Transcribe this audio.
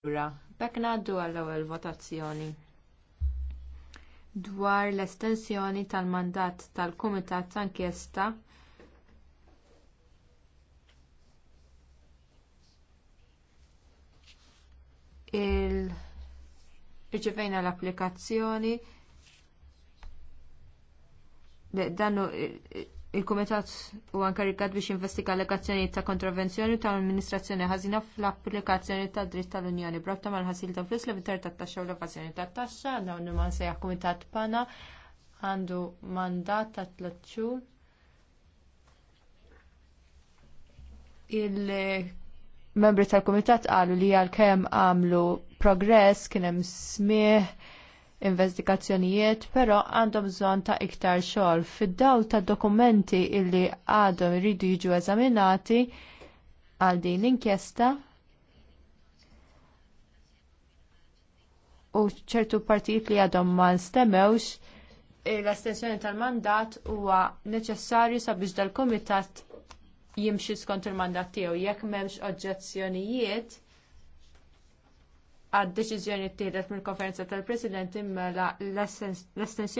Allura, bekk ngħaddu għall-ewwel votazzjoni dwar l-estensjoni tal-mandat tal-Kumitat ta' inkjesta il irċevejna l-applikazzjoni il-Kumitat u ankarikat biex investiga allegazzjonijiet ta' kontravenzjoni ta' amministrazzjoni ħażina fl-applikazzjoni ta' dritt tal-Unjoni brabta mal-ħasil ta' flus levitar ta' taxxa u l-evazjoni ta' taxxa dawn li man Kumitat Pana għandu mandat ta' tliet xhur. Il-membri tal-Kumitat qalu li għalkemm għamlu progress kien hemm investigazzjonijiet, però għandhom bżonn ta' iktar xogħol. Fid-dawl ta' dokumenti illi għadhom iridu jiġu eżaminati għal din l-inkjesta u ċertu partijiet li għadhom ma nstemewx, eh, l-estensjoni tal-mandat huwa neċessarju sabiex dal-kumitat jimxi skont il-mandat tiegħu jekk m'hemmx oġġezzjonijiet għad deċiżjoni ttieħdet mill-konferenza tal-Presidenti mela l-estensjoni